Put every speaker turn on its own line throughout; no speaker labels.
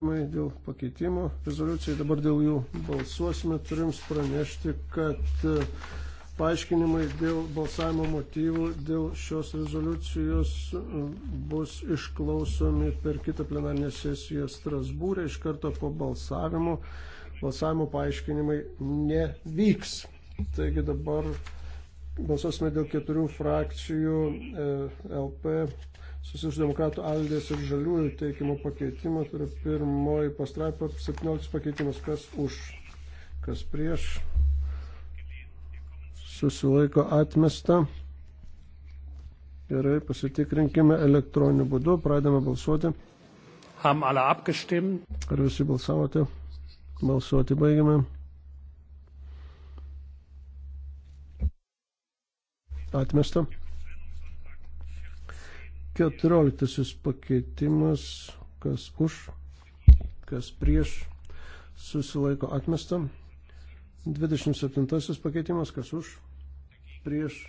pasiūlymai dėl pakeitimo rezoliucijai. Dabar dėl jų balsuosime. Turim pranešti, kad e, paaiškinimai dėl balsavimo motyvų dėl šios rezoliucijos e, bus išklausomi per kitą plenarinę sesiją Strasbūrė. Iš karto po balsavimo balsavimo paaiškinimai nevyks. Taigi dabar balsuosime dėl keturių frakcijų e, LP socialdemokratų aldės ir žaliųjų teikimo pakeitimo, tai yra pirmoji pastraipa, 17 pakeitimas, kas už, kas prieš, susilaiko atmesta. Gerai, pasitikrinkime elektroniniu būdu, pradame balsuoti. Ham alle abgestimmt. Ar visi balsavote? Balsuoti baigiame. Atmesta. Keturioliktasis pakeitimas, kas už, kas prieš, susilaiko atmesta. Dvidešimt septintasis pakeitimas, kas už, prieš,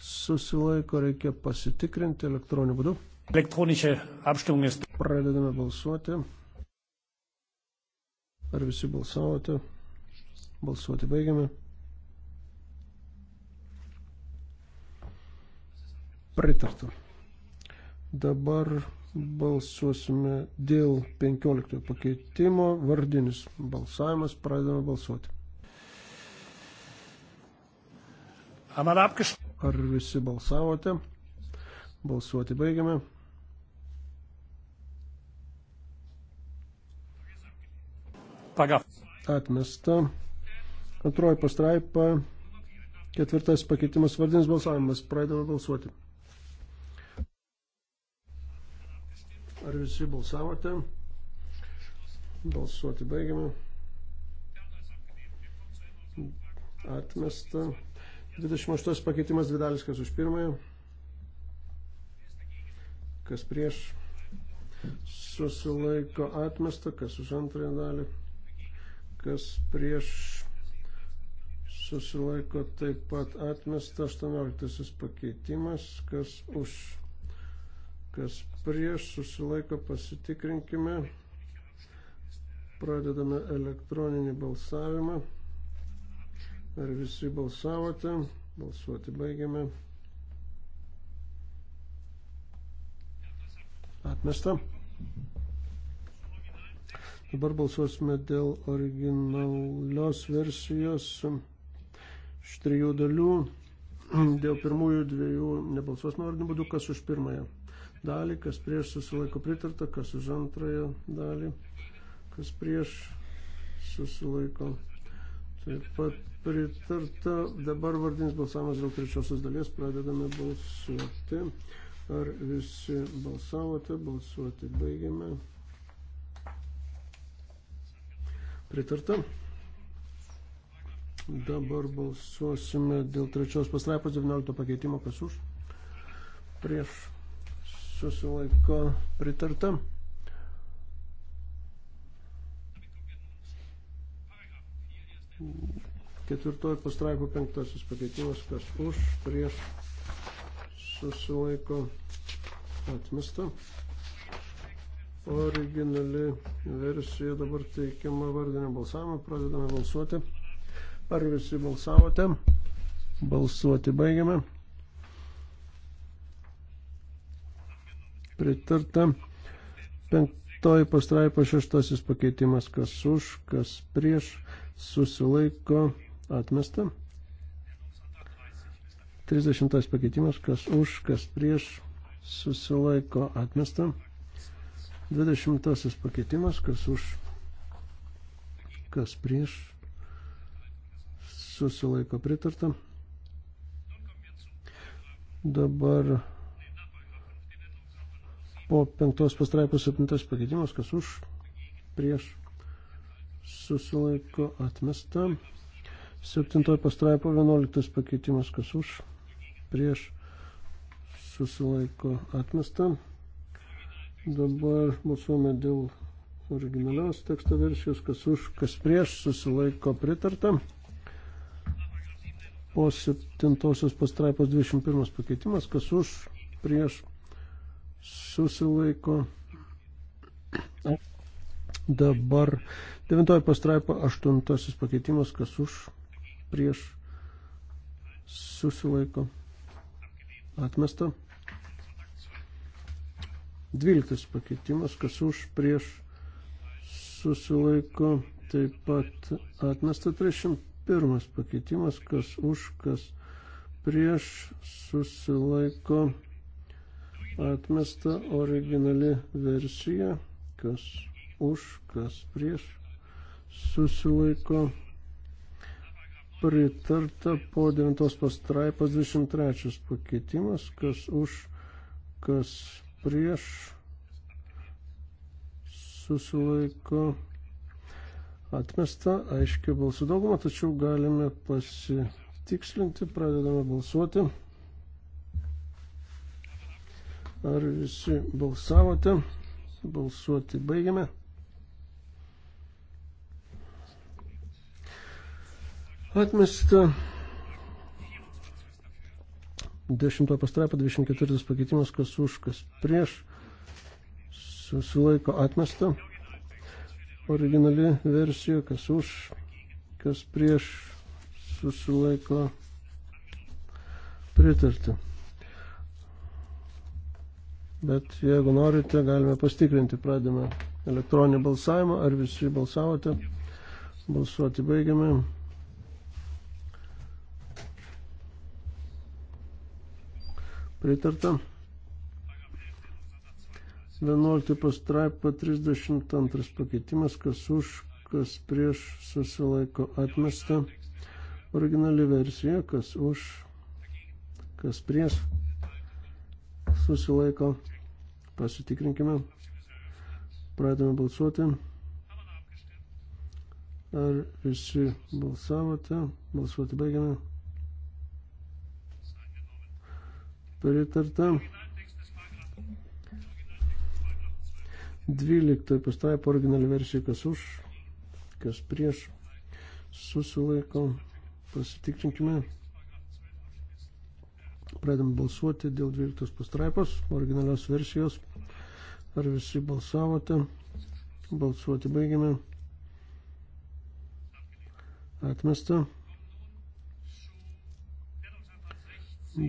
susilaiko reikia pasitikrinti elektroniniu būdu. Elektroninė apštumės. Pradedame balsuoti. Ar visi balsavote? Balsuoti baigiame. Pritarta. Dabar balsuosime dėl 15 pakeitimo. Vardinis balsavimas. Pradedame balsuoti. Ar visi balsavote? Balsuoti baigiame. Atmesta. Antroji pastraipa. Ketvirtas pakeitimas vardinis balsavimas. Pradedame balsuoti. Ar visi balsavote? Balsuoti baigiame. Atmesta. 28 pakeitimas dvidalis, kas už pirmąją. Kas prieš. Susilaiko atmesta, kas už antrąją dalį. Kas prieš. Susilaiko taip pat atmesta. 18 pakeitimas, kas už kas prieš susilaiko pasitikrinkime. Pradedame elektroninį balsavimą. Ar visi balsavote? Balsuoti baigiame. Atmesta. Dabar balsuosime dėl originalios versijos iš trijų dalių. Dėl pirmųjų dviejų nebalsuosime ordiniu būdu, kas už pirmąją dalį, kas prieš susilaiko pritarta, kas už antrąją dalį, kas prieš susilaiko. Taip pat pritarta. Dabar vardinis balsavimas dėl trečiosios dalies. Pradedame balsuoti. Ar visi balsavote? Balsuoti baigiame. Pritarta. Dabar balsuosime dėl trečios pastraipos 19 pakeitimo. Kas už? Prieš susilaiko pritarta. Ketvirtoji pastraipų penktasis pakeitimas, kas už, prieš, susilaiko atmesta. Originali versija dabar teikiama vardinio balsavimo, pradedame balsuoti. Ar visi balsavote? Balsuoti baigiame. pritarta. Penktoji pastraipa šeštasis pakeitimas, kas už, kas prieš, susilaiko atmesta. 30 pakeitimas, kas už, kas prieš, susilaiko atmesta. 20 pakeitimas, kas už, kas prieš, susilaiko pritarta. Dabar po penktos pastraipos septintas pakeitimas, kas už, prieš, susilaiko atmesta. Septintoji pastraipo vienuoliktas pakeitimas, kas už, prieš, susilaiko atmesta. Dabar balsuojame dėl originalios teksto versijos, kas už, kas prieš, susilaiko pritarta. Po septintosios pastraipos 21 pakeitimas, kas už, prieš, susilaiko. Dabar devintoji pastraipa, aštuntasis pakeitimas, kas už, prieš, susilaiko, atmesta. Dvyliktas pakeitimas, kas už, prieš, susilaiko, taip pat atmesta. 31 pakeitimas, kas už, kas prieš, susilaiko, atmesta Atmesta originali versija, kas už, kas prieš, susilaiko pritarta po 9 pastraipos 23 pakeitimas, kas už, kas prieš susilaiko atmesta, aiškiai balsų daugumą, tačiau galime pasitikslinti, pradedame balsuoti. Ar visi balsavote? Balsuoti baigiame. Atmesta 10 pastraipa 24 pakeitimas, kas už, kas prieš. Susilaiko atmesta. Originali versija, kas už, kas prieš. Susilaiko pritarti. Bet jeigu norite, galime pastikrinti, pradėme elektroninį balsavimą, ar visi balsavote. Balsuoti baigiame. Pritarta. 11 pastraipa 32 pakeitimas, kas už, kas prieš susilaiko atmesta. Originali versija, kas už, kas prieš susilaiko. Pasitikrinkime. Pradame balsuoti. Ar visi balsavote? Balsuoti baigiame. Pritarta. 12 pastraipo originali versija, kas už, kas prieš, susilaiko, pasitikrinkime. Pradėm balsuoti dėl 12 pastraipos, originalios versijos. Ar visi balsavote? Balsuoti baigiame. Atmesta.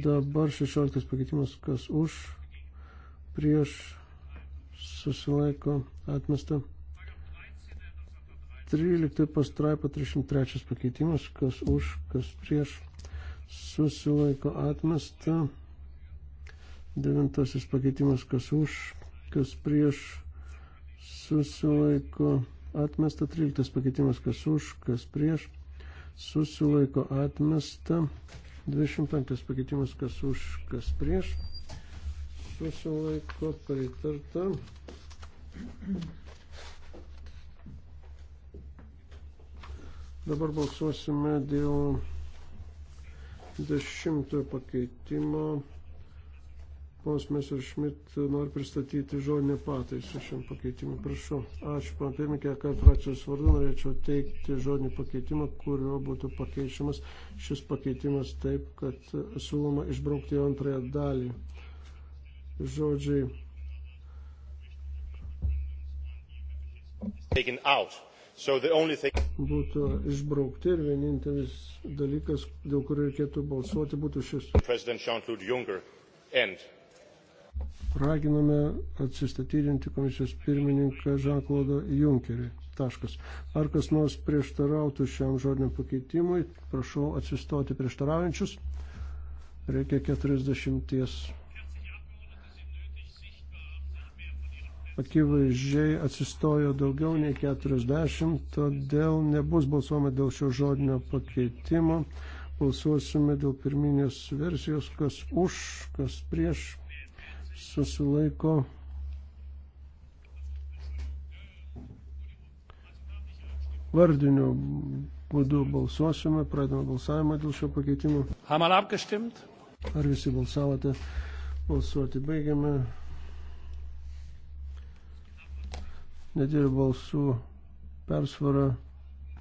Dabar 16 pakeitimas, kas už, prieš, susilaiko, atmesta. 13 pastraipa 303 pakeitimas, kas už, kas prieš, susilaiko atmesta. Devintasis pakeitimas, kas už, kas prieš, susilaiko atmesta. Tryliktas pakeitimas, kas už, kas prieš, susilaiko atmesta. 25 pakeitimas, kas už, kas prieš, susilaiko pritarta. Dabar balsuosime dėl 70 pakeitimo Ponas Mesir Šmit nori pristatyti žodinę pataisą šiam pakeitimui. Prašau. Ačiū, pana pirmininkė, kad frakcijos vardu norėčiau teikti žodinį pakeitimą, kuriuo būtų pakeičiamas šis pakeitimas taip, kad siūloma išbraukti jo antrąją dalį. Žodžiai. Taken out So thing... būtų išbraukti ir vienintelis dalykas, dėl kurio reikėtų balsuoti, būtų šis. Raginame atsistatydinti komisijos pirmininką Žanklodą Junkerį. Taškas. Ar kas nors prieštarautų šiam žodiniam pakeitimui? Prašau atsistoti prieštaraujančius. Reikia 40 akivaizdžiai atsistojo daugiau nei 40, todėl nebus balsuojama dėl šio žodinio pakeitimo. Balsuosime dėl pirminės versijos, kas už, kas prieš, susilaiko. Vardiniu būdu balsuosime, pradame balsavimą dėl šio pakeitimo. Ar visi balsavote? Balsuoti baigiame. nedėlė balsų persvara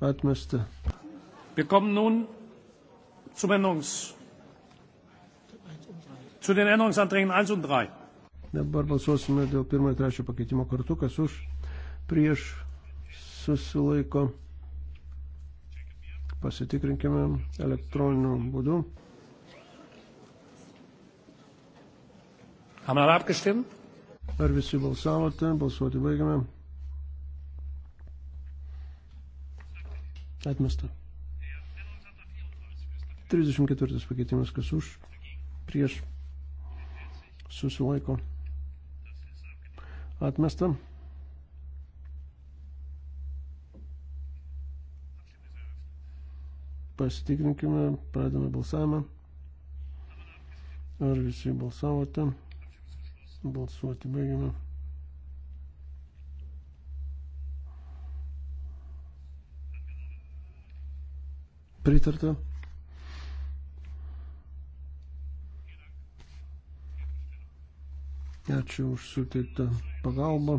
atmesta. Wir kommen nun zum Änderungs zu den Änderungsanträgen 1 und 3. Dabar balsuosime dėl pirmo ir trečio pakeitimo kartu, kas už prieš susilaiko. Pasitikrinkime elektroniniu būdu. Ar visi balsavote? Balsuoti baigiame. Atmesta. 34 pakeitimas, kas už, prieš, susilaiko. Atmesta. Pasitikrinkime, pradame balsavimą. Ar visi balsavote? Balsuoti baigiame. Pritarta. Ačiū už suteiktą pagalbą.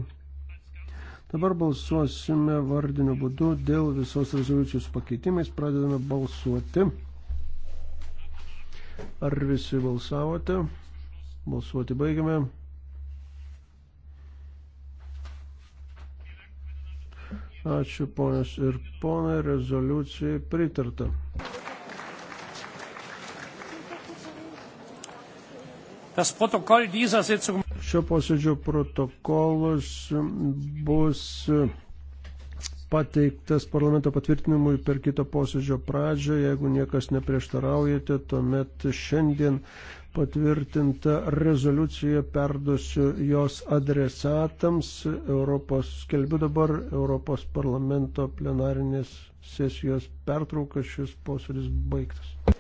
Dabar balsuosime vardiniu būdu dėl visos rezoliucijos pakeitimais. Pradedame balsuoti. Ar visi balsavote? Balsuoti baigiame. Ačiū ponas ir ponai, rezoliucijai pritarta. Šio posėdžio protokolas bus pateiktas parlamento patvirtinimui per kito posėdžio pradžią. Jeigu niekas neprieštaraujate, tuomet šiandien patvirtinta rezoliucija perduosiu jos adresatams. Europos, skelbiu dabar Europos parlamento plenarinės sesijos pertrauką, šis posėdis baigtas.